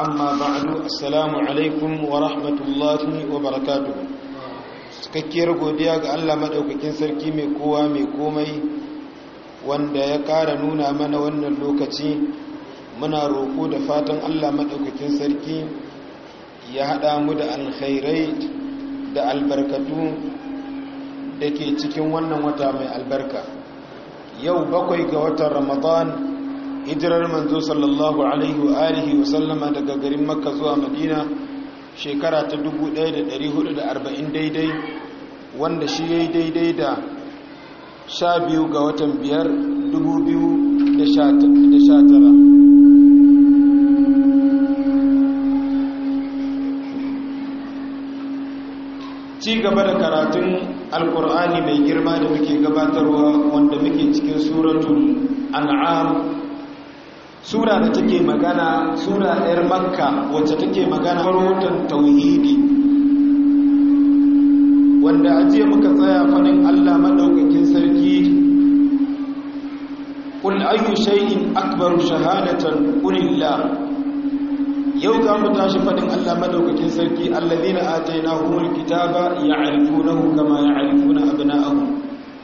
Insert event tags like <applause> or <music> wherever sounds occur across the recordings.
amma ba'du assalamu alaikum wa rahmatullahi wa barakatuhu cikakkiyar godiya ga Allah maɗaukakin sarki mai kowa mai komai wanda ya ƙara nuna mana wannan lokaci muna roƙo da fatan Allah maɗaukakin sarki ya haɗa mu da alkhairai da albarkatu da ke cikin wannan wata mai albarka yau bakwai ga watan ramadan hijirar manzo sallallahu alaihi wa alihi wa sallama daga garin makka zuwa madina shekara ta 1440 daidai wanda shi ya yi daidai da 12 ga watan 5 2019 ci gaba da karatun alkur'ani mai girma da muke gabatarwa wanda muke cikin suratun an'am sura da take magana sura ɗayar makka wacce take magana wutan tauhidi wanda ajiye muka tsaya fanin allah maɗaukakin sarki Kun ayyu shay'in akbaru shahadatan Kunilla. yau za mu tashi faɗin allah maɗaukakin sarki allazina atainahumul kitaba ya'rifunahu kama ya'rifuna abna'ahum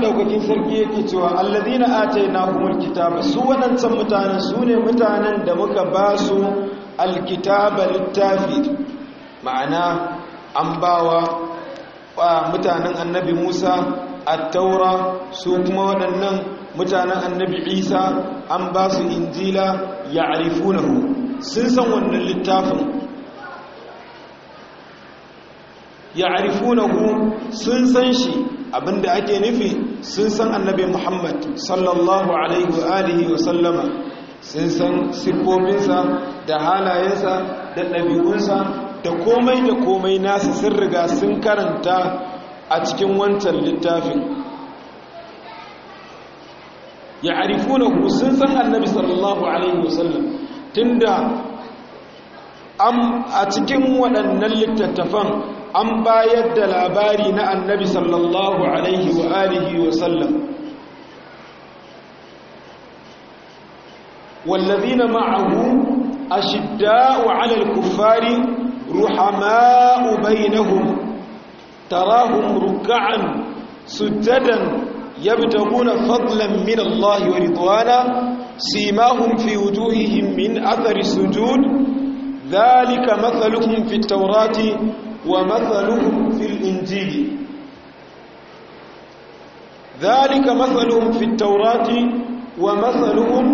madaukakin sarki yake cewa allazina atainahumul kitaba su waɗancan mutanen su ne mutanen da muka ba su alkitaba littafi ma'ana an wa mutanen annabi Musa at-taura su kuma waɗannan mutanen annabi Isa an ba su injila ya'rifunahu sun san wannan littafin ku sun san shi abinda ake nufi sun san annabi Muhammad sallallahu alaihi wa alihi wa sallama sun san siffofinsa da halayensa da ɗabi'unsa da komai da komai nasu sun riga sun karanta a cikin wancan littafin ya ku sun san annabi sallallahu alaihi wa tun tunda a cikin waɗannan littattafan an bayar da labari na annabi sallallahu alaihi wa alihi wa sallam والذين معه أشداء على الكفار رحماء بينهم تراهم ركعا سجدا يبتغون فضلا من الله ورضوانا سيماهم في وجوههم من أثر السجود ذلك مثلهم في التوراة wa mathaluhum fil injili dhalika mathaluhum fit tawrati wa mathaluhum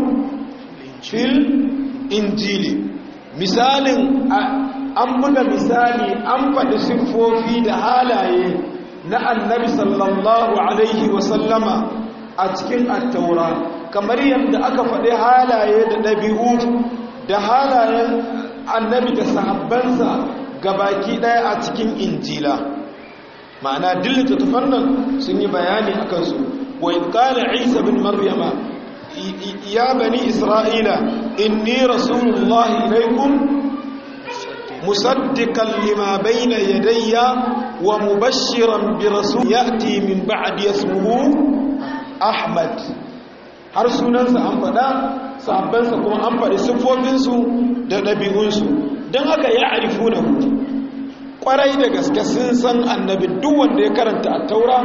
fil injili misalin an buga misali an faɗi siffofi da halaye na annabi sallallahu alaihi wasallama a cikin attaura kamar yadda aka faɗi halaye da ɗabi'u da halayen annabi da sahabbansa gabaki daya a cikin injila ma'ana dillata tafar nan sun yi bayani a kansu wa ƙala isa bin maryama ya bani isra'ila inni rasulullah ilaikum musaddikan lima bayna yadayya wa mubashiran bi rasul ya'ti min ba'di ismuhu ahmad har sunansa an faɗa sabbansa kuma an faɗi siffofinsu da ɗabi'unsu don haka ya arifu kwarai da gaske sun san annabi duk wanda ya karanta a taura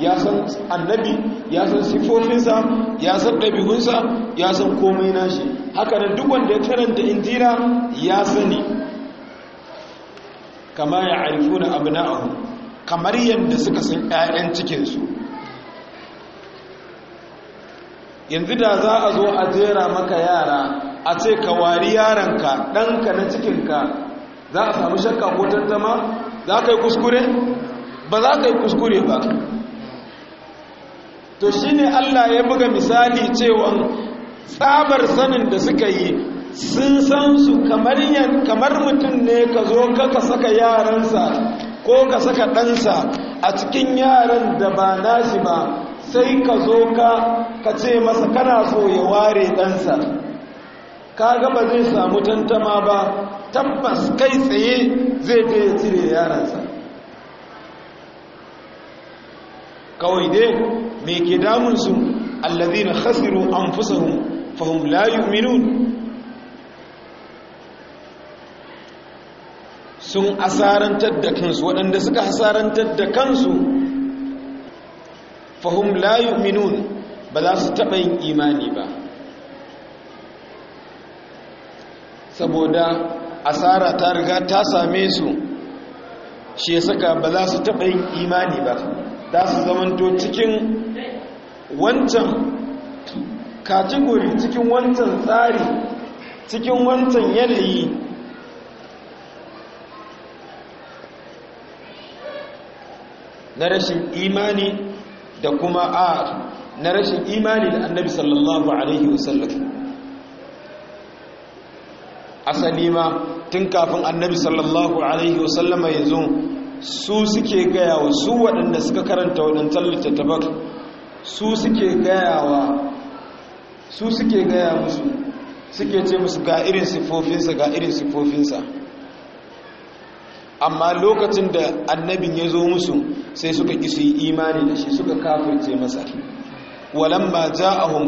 ya san annabi ya san sifofinsa ya san ɗabi'unsa ya san komai nashi hakanan duk wanda ya karanta injira ya sani kama ya arifu na ahu kamar yadda suka san 'ya'yan cikinsu yanzu da za a zo a jera maka yara a ce ka wari yaranka ɗanka na cikinka za a samu shakka ko tantama za ka yi kuskure ba za ka yi kuskure ba to shi ne allah ya buga misali cewa tsabar sanin da suka yi sun san su kamar mutum ne ka zo ka saka yaransa ko ka saka ɗansa a cikin yaran da ba nashi ba sai ka zo ka ce masa kana so ya ware ɗansa ka gaba zai samu tantama ba tabbas kai tsaye zai daya cire yaransa kawai dai me ke damunsu allazina khasiru anfusahum fahum la yu'minun sun asarantar da kansu waɗanda suka asarantar da kansu fahum la ba za su taɓa yin imani ba saboda asara ta riga ta same su shi ya saka ba za su taɓa yin imani ba za su zamanto cikin wancan kategori cikin wancan tsari cikin wancan yanayi na rashin imani da kuma a na rashin imani da annabi sallallahu alaihi wasallam asali ma tun kafin annabi sallallahu alaihi wasallama ya zo su suke gaya wa su waɗanda suka karanta waɗancan littattafan su suke gaya wa su suke gaya musu suke ce musu ga irin siffofinsa ga irin siffofinsa amma lokacin da annabin ya zo musu sai suka yi imani da shi suka kafirce masa Walan walamma ja'ahum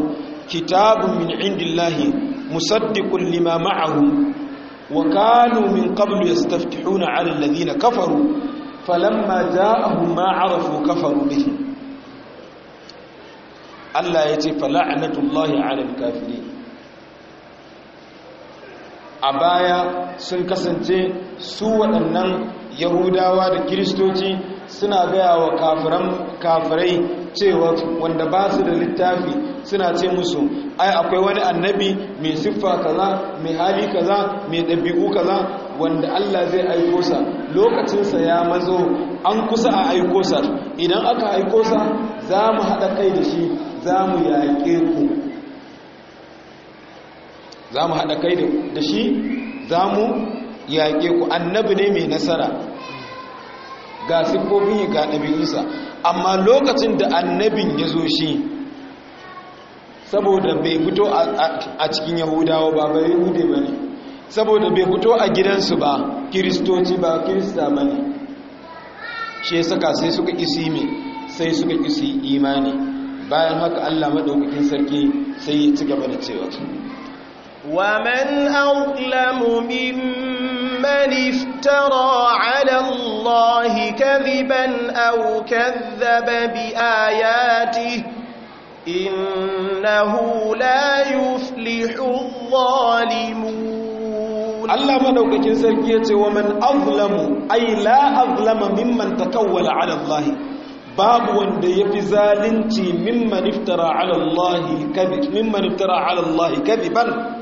kitabun min indillahi musaddiqun lima ma'ahun wa kanu min qablu yastaftihuna 'ala alladhina kafaru falamma ja'ahum ma 'arafu kafaru bihi Allah yace fala'natullahi 'ala al-kafirin a baya sun kasance su waɗannan yahudawa da kiristoci suna gaya wa kafirai cewa wanda ba su da littafi suna ce musu ai akwai wani annabi mai siffa kaza mai hali kaza mai ɗabi'u kaza wanda Allah zai aiko sa lokacinsa ya mazo an kusa a aiko sa idan aka aiko sa za mu haɗa kai da shi za mu yaƙe ku za mu haɗa kai da shi za mu yaƙe ku annabi ne mai nasara ga siffofin ga ɗabi'unsa amma lokacin da annabin ya zo shi saboda bai fito a cikin yahudawa ba bai hude ba ne saboda bai fito a gidansu ba kiristoci ba kirista ba ne shi ya saka sai suka isi mai sai suka isi imani bayan haka allah maɗaukakin sarki sai ya ci gaba da cewa Wa ومن أظلم ممن من افترى على الله كذبا أو كذب بآياته إنه لا يفلح الظالمون الله مدوكين سركية ومن أظلم أي لا أظلم ممن تكول على الله باب وند يفي ظالمتي ممن افترى على الله كذب ممن افترى على الله كذبا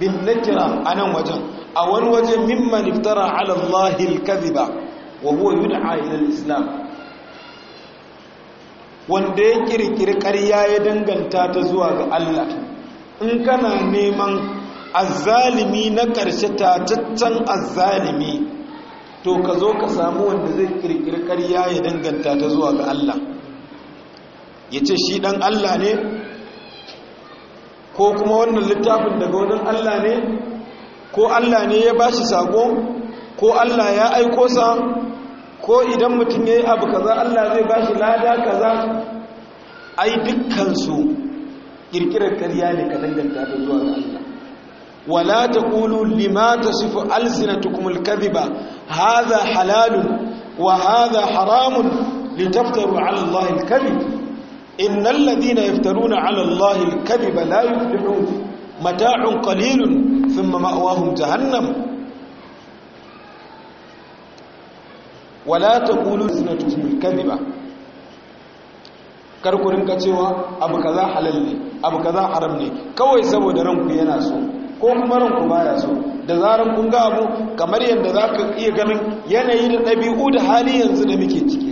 bin nakira a nan wajen a wani wajen mimman iftara alallahi Allahil wa huwa yud'a ila islam wanda ya kirkiri ƙarya ya danganta ta zuwa ga Allah in kana neman azzalimi na ƙarshe ta tataccen azzalimi to ka zo ka samu wanda zai kirkiri ƙarya ya danganta ta zuwa ga Allah ya ce shi ɗan Allah ne ko kuma wannan littafin daga wurin Allah ne ko Allah ne ya bashi sako ko Allah ya aiko sa ko idan mutum ya yi abu kaza Allah zai bashi lada kaza ai dukkan su kirkirar kariya ne ka danganta da zuwa ga Allah wala taqulu lima tasifu alsinatukum alkadhiba hadha halalun wa hadha haramun litaftaru ala Allah alkadhib innal ladina yaftaruna ala allahi alkadhiba la yuflihun mata'un qalilun thumma ma'wahum jahannam wala taqulu zinatu alkadhiba kar ku rinka cewa abu kaza halal ne abu kaza haram ne kawai saboda ranku yana so ko kuma ranku baya so da zaran kun ga abu kamar yadda zaka iya ganin yanayi da dabi'u da hali yanzu da muke ciki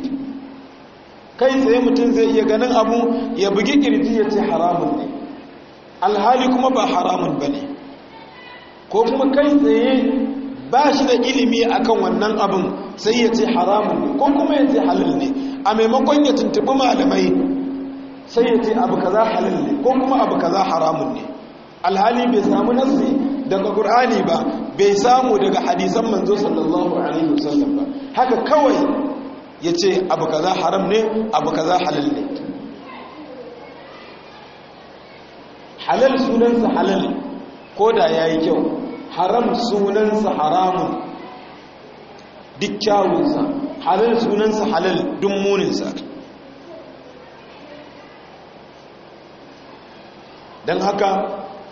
kai tsaye mutum zai iya ganin abu ya bugi kirji ya ce haramun ne alhali kuma ba haramun ba ne ko kuma kai tsaye ba shi da ilimi akan wannan abin sai ya ce haramun ne ko kuma ya ce halal ne a maimakon ya tuntubi malamai sai ya ce abu kaza halal ne ko kuma abu kaza haramun ne alhali bai samu nasi daga qur'ani ba bai samu daga hadisan manzo sallallahu alaihi wasallam ba haka kawai ya ce abu kaza haram ne abu kaza halal ne halal sunansa halal ko da ya yi kyau haram sunansa haramun duk kyawunsa halal sunansa halal dun muninsa don haka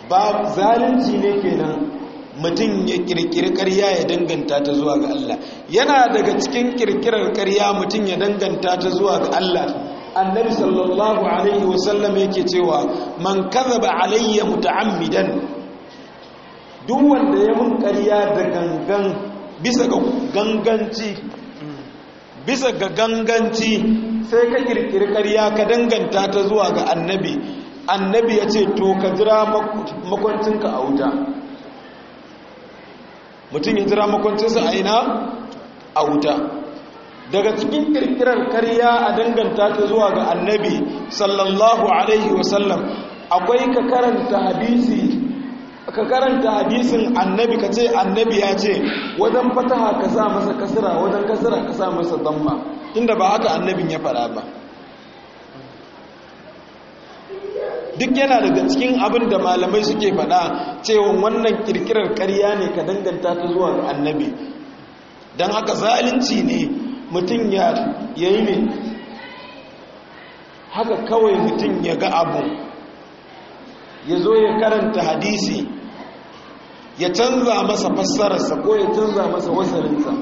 ba zalunci ne kenan mutum ya kirkiri karya ya danganta ta zuwa ga Allah yana daga cikin kirkirar karya mutum ya danganta ta zuwa ga Allah annabi sallallahu alaihi wasallam yake cewa man kadhaba alayya muta'ammidan duk wanda ya mun karya da gangan bisa ga ganganci bisa ga ganganci sai ka kirkiri karya ka danganta ta zuwa ga annabi annabi ya ce to ka jira makwancinka a wuta mutum ya jira makwancinsa a ina a wuta daga cikin kirkirar karya a danganta ta zuwa ga annabi sallallahu alaihi wasallam akwai ka karanta hadisi hadisin annabi ka ce annabi ya ce wajen fataha ka sa masa kasira wajen kasira ka sa masa damma inda ba haka annabin ya fara ba duk yana daga cikin abin da malamai suke faɗa cewa wannan kirkirar ƙarya ne ka danganta ta zuwa ga annabi don haka zalunci ne mutum ya yi ne haka kawai mutum ya ga abu ya zo ya karanta hadisi ya canza masa fassararsa ko ya canza masa wasarinsa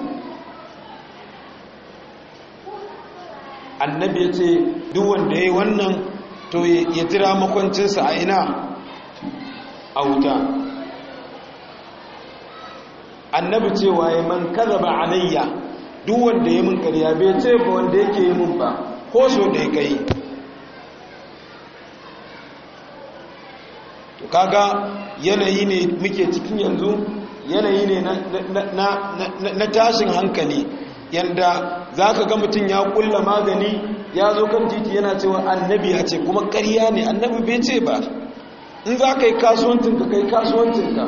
annabi ya ce duk ya yi wannan to ya jira makwancinsa a ina a wuta annabi cewa ya man kada a alayya duk wanda ya mun karya bai ce ba wanda yake yi mun ba ko so da ya kai to kaga yanayi ne muke cikin yanzu yanayi ne na tashin hankali yadda za ka ga mutum ya kulla magani ya zo kan titi yana cewa annabi ya ce kuma ƙarya ne annabi bai ce ba in za ka yi kasuwancinka ka yi kasuwancinka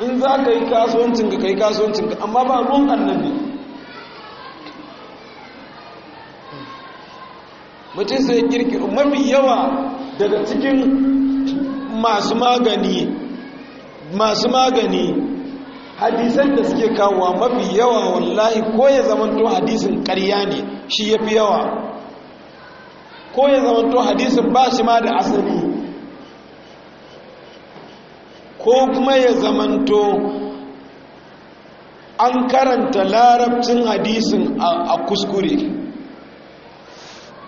in za ka yi kasuwancinka ka yi kasuwancinka amma ba ruwan annabi Mutum sai kirkiro mafi yawa daga cikin masu magani masu magani hadisan da suke kawowa mafi yawa wallahi ko ya zamanto hadisin karya ne shi ya fi yawa ko ya zamanto hadisin ba shi ma da asali ko kuma ya zamanto an karanta larabcin hadisin a kuskure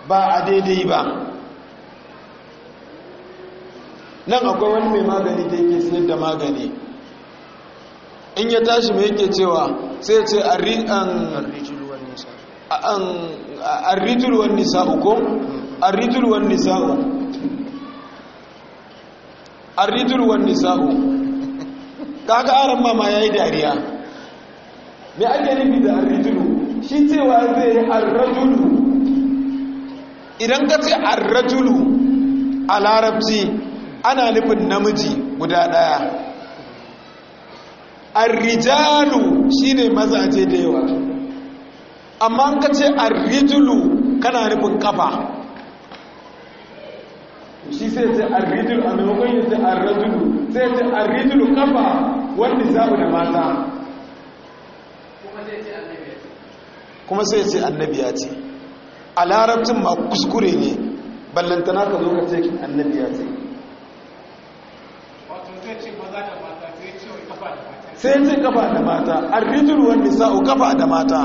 ba a daidai ba nan akwai wani mai magani da yake sinar da magani in ya tashi mai yake cewa sai ce arrijulwan nisa'u ko A nisa'u nisa uku <laughs> kaga aran mama ya yi dariya mai ake nufi da arrituru? shi cewa zai yi arrajulu idan ka ce arrajulu a larabci ana nufin namiji guda daya arrijalu shine mazaje da yawa amma an ka ce arrijulu kana nufin kafa shi sai ce arrijulu a maimakon yin sai arrajulu sai ce arrijulu kafa wanda zaɓu da mata kuma sai ce annabi ya ce a larabcin ma kuskure ne ballantana ka zo ka ce annabi ya ce sai ce kafa da mata arbitru wan nisa'u kafa da mata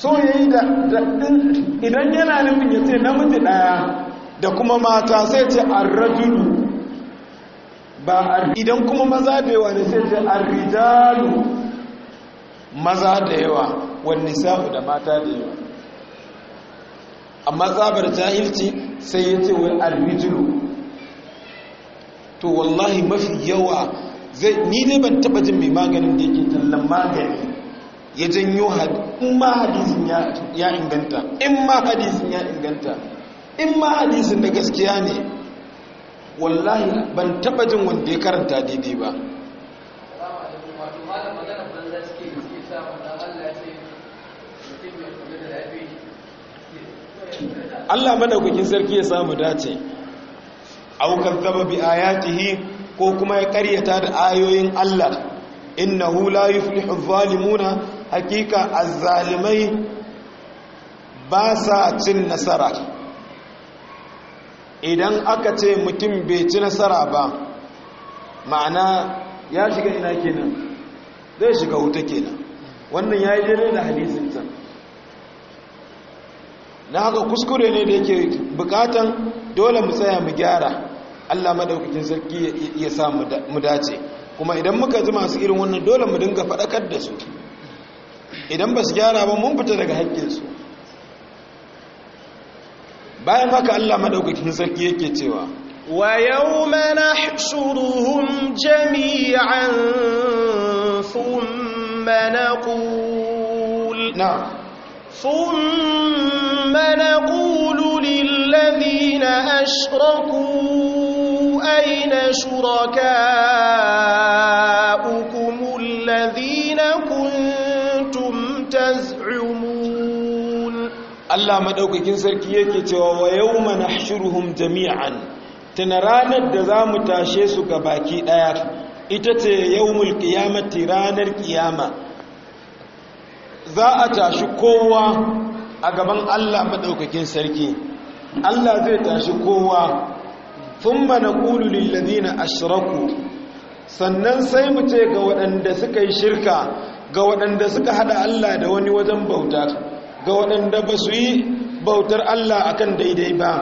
so yayi da idan yana nufin ya ce namiji daya da kuma mata sai ce arrajulu ba idan kuma maza da yawa ne sai ce arrijalu maza da yawa wani sa'u da mata da yawa amma zabar jahilci sai ya ce wani alwijulu to wallahi mafi yawa zai ni ne ban taba jin mai maganin da yake tallan magani ya janyo in hadisin ya inganta in ma hadisin ya inganta in ma hadisin da gaskiya ne wallahi ban taba jin wanda ya karanta daidai ba Allah madaukakin sarki ya samu dace aw kazzaba bi ayatihi ko kuma ya karyata da ayoyin Allah innahu la yuflihu adh hakika a zalimai ba sa cin nasara idan aka ce mutum bai ci nasara ba ma'ana ya shiga ina kenan zai shiga wuta kenan wannan ya yi dare da hadisin na haka kuskure ne da yake bukatan dole mu tsaya mu gyara Allah madaukakin sarki ya sa mu dace kuma idan muka ji masu irin wannan dole mu dinga faɗakar da su idan ba su gyara ba mun fita daga haƙƙinsu bayan haka Allah madaukakin sarki yake cewa ويوم نحشرهم جميعا ثم نقول نعم ثم ثم نقول للذين أشركوا أين شركاؤكم الذين كنتم تزعمون الله مدوكين سركي yake cewa wa yawma nahshuruhum jami'an tana ranar da za mu tashe su ga baki ɗaya ita ce yawmul qiyamati ranar ƙiyama za a tashi kowa a gaban Allah maɗaukakin sarki Allah zai tashi kowa sun mana ƙulu lillazina ashiraku sannan sai mu ce ga waɗanda suka yi shirka ga waɗanda suka haɗa Allah da wani wajen bauta ga waɗanda ba su yi bautar Allah a kan daidai ba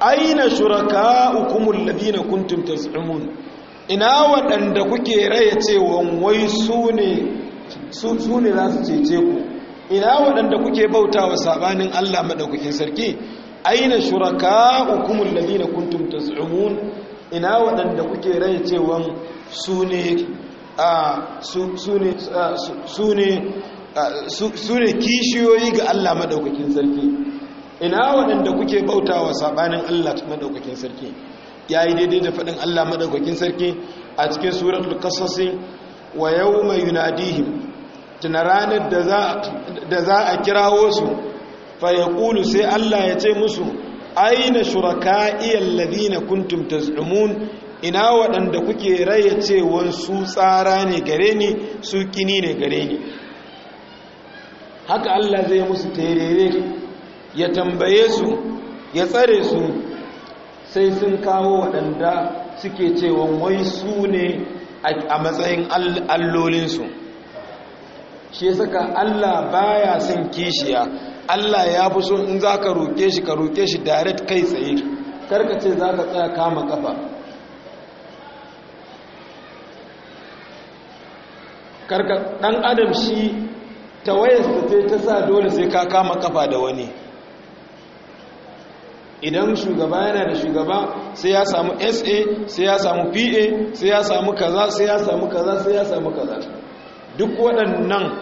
aina shuraka hukumul ladina kuntum tas'umun ina waɗanda kuke raya cewa wai su ne su ne za su cece ku ina waɗanda kuke bauta wa sabanin Allah maɗaukakin sarki aina shuraka hukumun lalina kuntum tsumun ina waɗanda kuke rai cewa su ne kishiyoyi ga Allah maɗaukakin sarki ina waɗanda kuke bautawa sabanin Allah maɗaukakin sarki Ya yi daidai da faɗin Allah maɗaukakin sarki a cikin suratul kasasin wa mai yunadihim tuna ranar da za a kirawo su fa ya sai Allah ya ce musu aina shuraka iyallabi na kuntum zumun, ina waɗanda kuke raya cewa su tsara ne gare ni su kini ne gare ni haka Allah zai musu terere ya tambaye su ya tsare su sai sun kawo waɗanda suke cewa wai su ne a matsayin allolinsu shi ya saka Allah baya son kishiya Allah ya fi so in za ka roƙe shi ka roƙe shi direct kai tsaye karka ce za ka tsaya kama kafa karka ɗan adam shi ta wayarsa ce ta sa dole sai ka kama kafa da wani idan shugaba yana da shugaba sai ya samu sa sai ya samu pa sai ya samu kaza sai ya samu kaza sai ya samu kaza duk waɗannan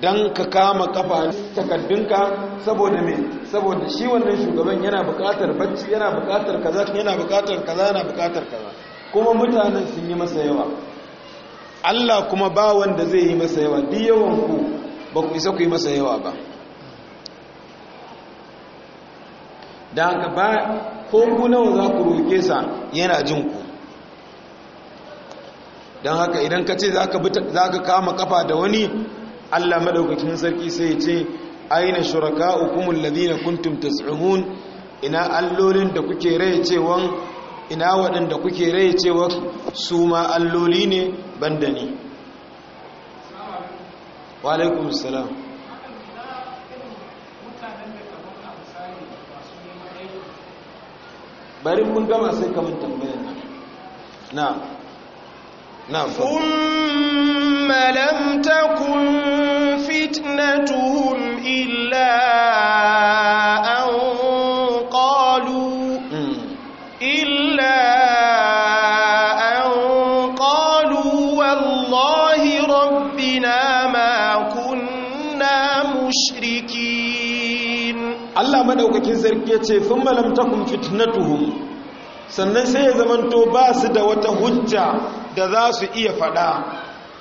don ka kama kafa takaddunka saboda mai saboda shi wannan shugaban yana bukatar bacci yana bukatar kaza yana bukatar kaza yana bukatar kaza kuma mutanen sun yi masa yawa Allah kuma ba wanda zai yi masa yawa duk yawan ba ku isa ku yi masa yawa ba da haka ba ko ku nawa za ku roke sa yana jin ku don haka idan ka ce za ka kama kafa da wani allah madaukakin sarki sai ya ce aina shuraka hukumun ladina kuntum tasirun ina allolin da kuke rai cewon ina waɗanda kuke rai cewa su ma alloli ne banda ni wa alaikum salam bari mun gama sai kamar tambayar na نعم ثم لم تكن فتنتهم إلا أن قالوا إلا أن قالوا والله ربنا ما كنا مشركين ثم لم تكن فتنتهم sannan sai ya zamanto ba su da wata hujja da za su iya faɗa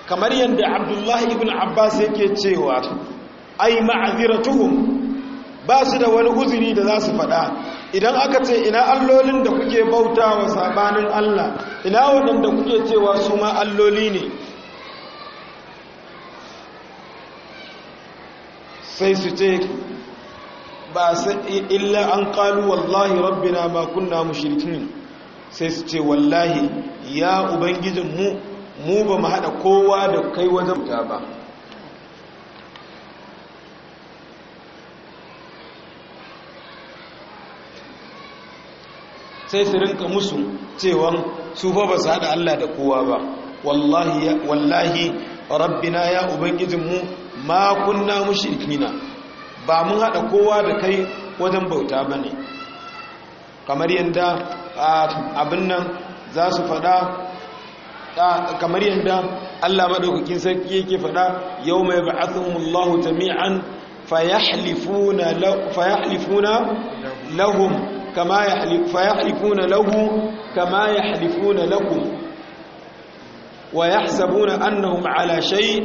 kamar yadda abdullahi ibn abbas yake cewa ai ma'aziratuhum ba su da wani uzuri da za su faɗa idan aka ce ina allolin da kuke bauta wa sabanin allah ina wadanda kuke cewa su ma alloli ne sai su ce ba sai illa an ƙalu wallahi rabbina ma kunna mushrikin sai su ce wallahi ya ubangijin mu mu ba mu haɗa kowa da kai wajen ta ba sai su rinka musu cewa su fa ba su haɗa Allah da kowa ba wallahi rabbina ya ubangijin mu ma kunna mushrikina ba mun haɗa kowa da kai wajen bauta ba ne kamar yanda abin nan za su fada kamar yadda Allah maɗaukakin sarki yake fada yau mai ba'athumullahu jami'an fayahlifuna lahum kama fayahlifuna lahu kama yahlifuna lakum wa yahsabuna annahum ala shay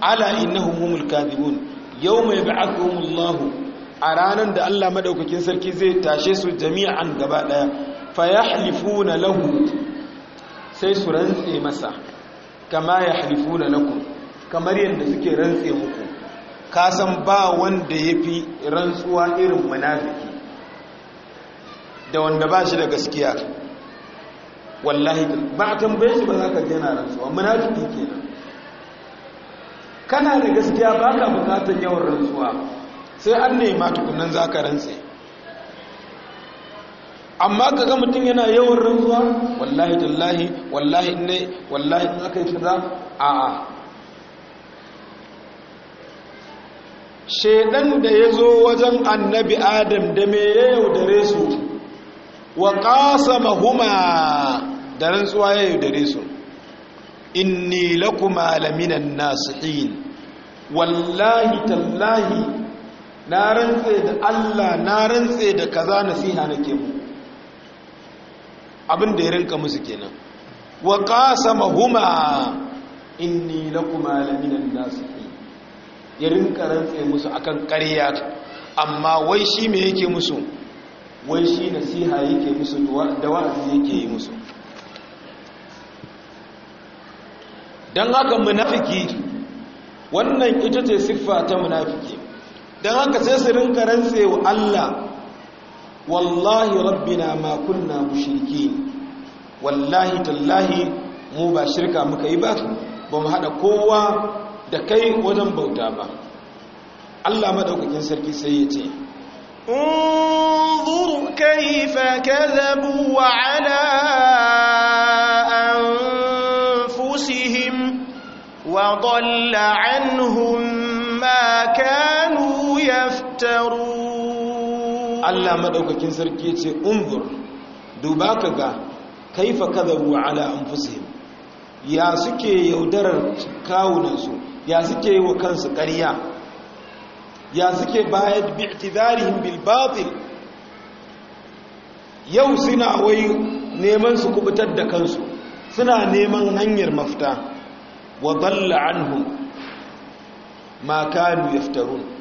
ala innahum humul kadhibun mai yab'athuhumullahu a ranar da Allah madaukakin sarki zai tashe su jami'an gaba daya fayahlifuna lahu sai su rantse masa kama yahlifuna lakum kamar yadda suke rantse muku kasan ba wanda yafi rantsuwa irin munafiki da wanda ba shi da gaskiya wallahi ba a tambaye shi ba za ka jana rantsuwa munafiki kenan kana da gaskiya ba ka bukatar yawan rantsuwa sai an nema tukunan za ka rantse amma ka ga mutum yana yawan rantsuwa wallahi tallahi wallahi ne wallahi in aka yi za a a shedan da ya zo wajen annabi adam da me ya yaudare su wa mahuma da rantsuwa ya yaudare su inni lakuma laminan nasihin wallahi tallahi na rantse da Allah na rantse da kaza nasiha nake mu abin da ya rinka musu kenan wa qasama huma inni lakuma laminan nasihin ya rinka rantse musu akan ƙarya amma wai shi me yake musu wai shi nasiha yake musu da wa'azi yake yi musu don haka munafiki wannan ita ce siffa ta munafiki don haka sai su rinka rantse wa Allah wallahi rabbina ma kunna mushrikin wallahi tallahi mu ba shirka muka yi ba ba mu haɗa kowa da kai wajen bauta ba Allah maɗaukakin sarki sai ya ce انظر كيف كذبوا على أنفسهم وضل عنهم ما كانوا يفترون Allah maɗaukakin sarki yace unzur duba ka ga kaifa kadabu ala anfusihim ya suke yaudarar kawunansu ya suke yi wa kansu ƙarya ya suke bayar bi'tidarihim bil batil yau suna wai neman su kubutar da kansu suna neman hanyar mafita wa dalla anhum ma kanu yaftarun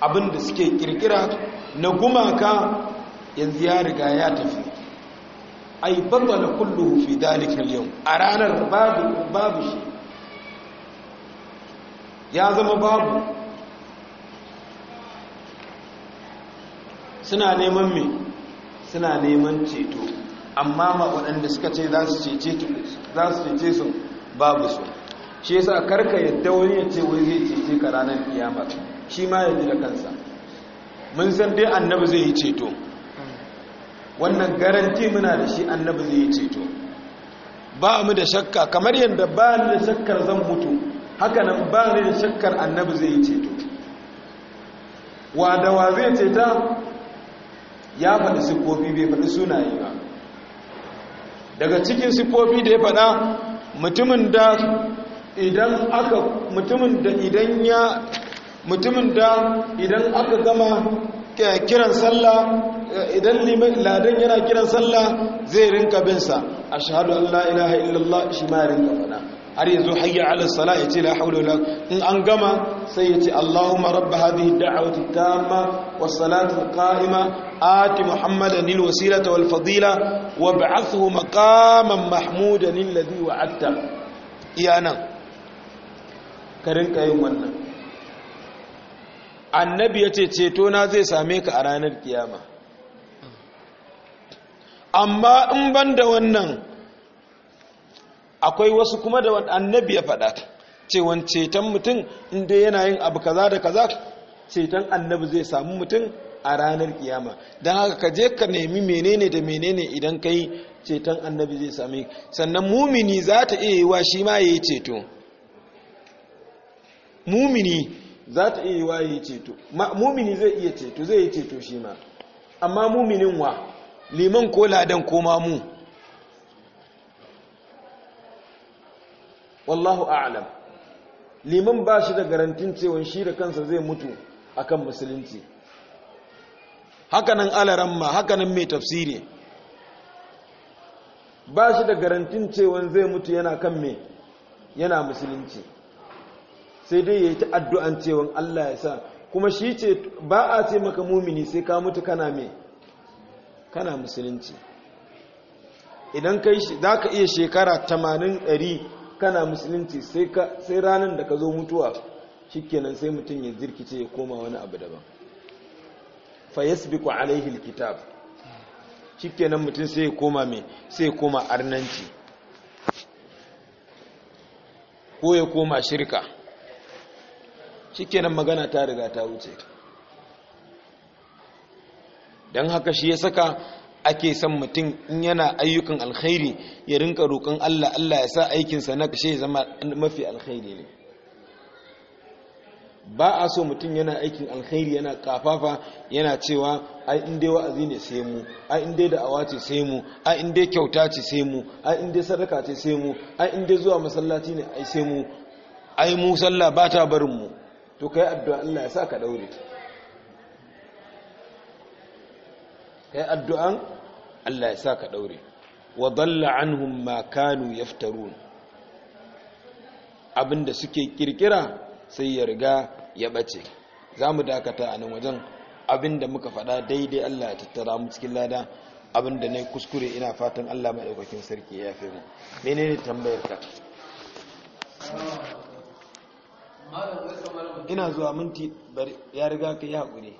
abin da suke kirkira na gumaka yanzu ya riga ya tafi ai babbala kullu fi dalika al a ranar babu babu shi ya zama babu suna neman me suna neman ceto amma ma waɗanda suka ce za su cece su babu su shi yasa karka yadda wani ya ce wai zai cece ka ranar kiyama shi ma ya ji da kansa mun san dai annabi zai yi ceto wannan garanti muna da shi annabi zai yi ceto ba mu da shakka kamar yadda ba ni da shakkar zan mutu haka nan ba ni da shakkar annabi zai yi ceto wa da wa zai ceta ya faɗi siffofi bai faɗi sunaye ba daga cikin siffofi da ya faɗa mutumin da idan aka mutumin da idan ya mutumin da idan aka gama kiran sallah idan ladan yana kiran sallah zai rinka bin sa ashhadu an la ilaha illallah shi ma rinka fada har yazo hayya ala salah yace la hawla wala in an gama sai yace allahumma rabb hadhihi da'wati tamma was salatu qa'ima ati muhammadan lil wasilata wal fadila wab'athhu maqaman mahmudan alladhi wa'adta iyanan ka rinka yin wannan annabi ya ce ceto na zai same ka a ranar kiyama amma in ban da wannan akwai wasu kuma da annabi ya faɗa cewan ceton mutum inda yana yin abu kaza da kaza ceton annabi zai samu mutum a ranar kiyama don haka ka je ka nemi menene da menene idan ka yi ceton annabi zai same sannan mumini za ta iya yi wa shi ma ya yi ceto mumini za ta iya yiwa ya ceto mumini zai iya ceto zai yi ceto shi ma amma muminin wa liman ko ladan ko mamu wallahu a'lam liman ba shi da garantin cewa shi da kansa zai mutu akan musulunci hakanan alaramma hakanan mai tafsiri ba shi da garantin cewa zai mutu yana kan mai yana musulunci sai dai ya yi ta'addu'an cewa Allah ya sa kuma shi ce ba a ce maka mumini sai ka mutu kana mai kana musulunci idan ka yi za ka iya shekara 80-100 kana musulunci sai ranar da ka zo mutuwa shi kenan sai mutum ya zirkice ya koma wani abu daban bi ku alaihi kitab shi kenan mutum sai ya koma mai sai ya koma arnanci ko ya koma shirka shikenan magana ta riga ta wuce don haka shi ya saka ake son mutum in yana ayyukan alkhairi ya rinka roƙon Allah Allah ya sa aikinsa na kashe zama mafi alkhairi ne ba a so mutum yana aikin alkhairi yana kafafa yana cewa ai in dai wa'azi ne sai mu ai in dai da'awa ce sai mu ai in kyauta ce sai mu ai in sadaka ce sai mu ai in zuwa masallaci ne ai sai mu ai mu sallah ba ta barin mu to kai addu'a Allah ya sa ka daure kai addu'an Allah ya sa ka daure wa dalla anhum ma kanu yaftarun abinda suke kirkira sai ya riga ya bace zamu dakata a nan wajen abinda muka faɗa daidai Allah ya tattara mu cikin lada abinda nayi kuskure ina fatan Allah daukakin sarki ya yafe mu menene tambayar ka ina zuwa minti ya riga ka yi haƙuri